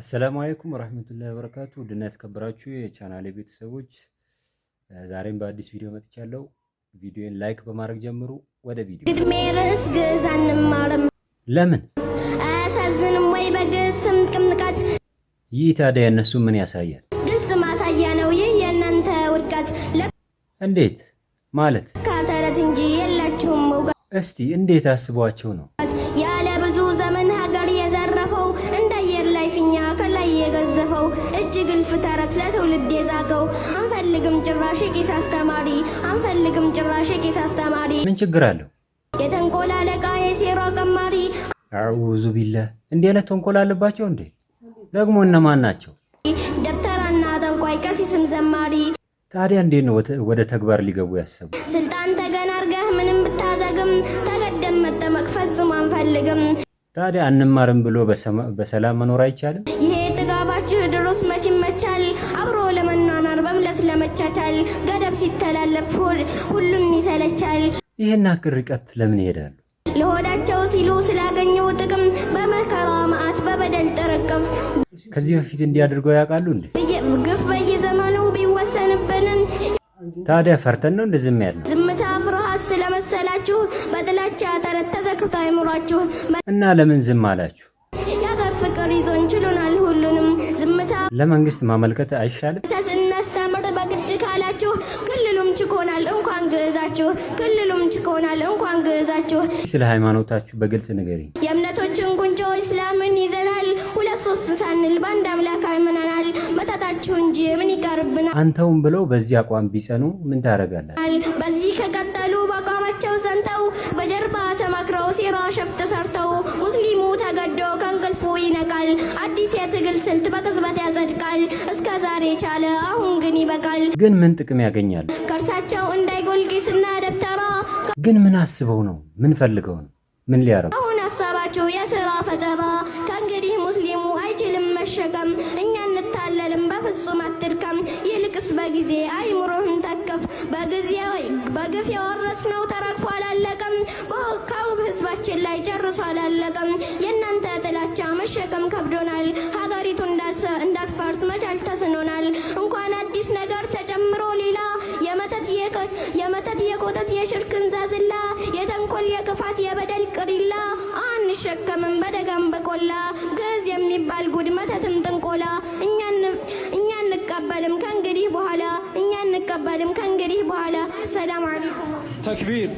አሰላሙ አለይኩም ወራህመቱላሂ ወበረካቱ ድና የተከበራችሁ የቻናሌ ቤተሰቦች ዛሬም በአዲስ ቪዲዮ መጥቻለሁ። ቪዲዮን ላይክ በማድረግ ጀምሩ። ወደ ቪዲዮ ለምን አያሳዝንም ወይ? በግስም ቅምጥቃት ይህ ታዲያ የእነሱ ምን ያሳያል? ግልጽ ማሳያ ነው ይህ የእናንተ ውድቀት። እንዴት ማለት ካተረት እንጂ የላችሁም። እስቲ እንዴት አስቧቸው ነው ያለ ብዙ ዘመን ሀገር የዘረፈው እንደ አየር ላይ ፊኛ ከላይ የገዘፈው እጅ ግልፍ ተረት ለትውልድ የዛገው አንፈልግም ጭራሽ ቄስ አስተማሪ አንፈልግም ጭራሽ ቄስ አስተማሪ። ምን ችግር አለው? የተንኮል አለቃ የሴራ ቀማሪ። አዑዙ ቢላህ እንዲህ አይነት ተንኮል አለባቸው እንዴ? ደግሞ እነማን ናቸው? ደብተራና ጠንቋይ፣ ቀሲስም ዘማሪ። ታዲያ እንዴት ነው ወደ ተግባር ሊገቡ ያሰቡ? ስልጣን ተገ ታዲያ አንማርም ብሎ በሰላም መኖር አይቻልም? ይሄ ጥጋባችሁ ድሮስ መች ይመቻል? አብሮ ለመኗኗር በምለት ለመቻቻል ገደብ ሲተላለፍ ሁሉም ይሰለቻል። ይህን አክል ርቀት ለምን ይሄዳሉ? ለሆዳቸው ሲሉ ስላገኘው ጥቅም በመከራ መዓት በበደል ጠረቀፍ። ከዚህ በፊት እንዲያደርገው ያውቃሉ እንዴ? ግፍ በየዘመኑ ቢወሰንብንም ታዲያ ፈርተን ነው እንደዚህ ያልነው? ዝምታ ፍርሃት ስለመሰላችሁ በጥላቻ ጠረት ተዘግቶ አይምሯችሁ እና ለምን ዝም አላችሁ? የሀገር ፍቅር ይዞን ችሉናል ሁሉንም ዝምታ ለመንግስት ማመልከት አይሻልም? ስናስተምር በግድ ካላችሁ ክልሉም ችኮናል እንኳን ግዕዛችሁ ክልሉም ችኮናል እንኳን ግዕዛችሁ። ስለ ሃይማኖታችሁ በግልጽ ንገሪ። የእምነቶችን ጉንጮ እስላምን ይዘናል ሁለት ሶስት ሳንል በአንድ አምላክ አምነናል። አመጣጣችሁ እንጂ ምን ይቀርብናል? አንተውም ብለው በዚህ አቋም ቢጸኑ ምን ታደርጋለህ? በዚህ ከቀጠሉ በአቋማቸው ዘንተው በጀርባ ተመክረው ሴራ ሸፍጥ ሰርተው ሙስሊሙ ተገዶ ከእንቅልፉ ይነቃል። አዲስ የትግል ስልት በቅጽበት ያጸድቃል። እስከ ዛሬ ቻለ፣ አሁን ግን ይበቃል። ግን ምን ጥቅም ያገኛል ከእርሳቸው እንዳይጎል ቂስና ደብተራ ግን ምን አስበው ነው? ምን ፈልገው ነው? ምን ሊያረጉ አሁን ሀሳባቸው የስራ ፈጠራ ከእንግዲህ ሙስሊሙ አይችልም መሸከም እኛ በፍጹም አትድከም፣ ይልቅስ በጊዜ አይምሮህን ተከፍ። በጊዜ ወይ በግፍ የወረስነው ተረግፎ አላለቀም፣ በወካውብ ህዝባችን ላይ ጨርሶ አላለቀም። የእናንተ ጥላቻ መሸከም ከብዶናል፣ ሀገሪቱ እንዳትፈርስ መቻል ተስኖናል። እንኳን አዲስ ነገር ተጨምሮ ሌላ የመተት የቆጠት የሽርክ እንዛዝላ የተንኮል የክፋት የበደል ቅሪላ አይሸከምም በደጋም በቆላ ግዕዝ የሚባል ጉድ መተትም ጥንቆላ እኛ እንቀበልም ከእንግዲህ በኋላ እኛ እንቀበልም ከእንግዲህ በኋላ። ሰላም አለይኩም ተክቢር